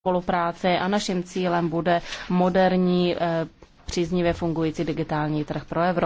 spolupráci a naším cílem bude moderní, eh, příznivě fungující digitální trh pro Evropu.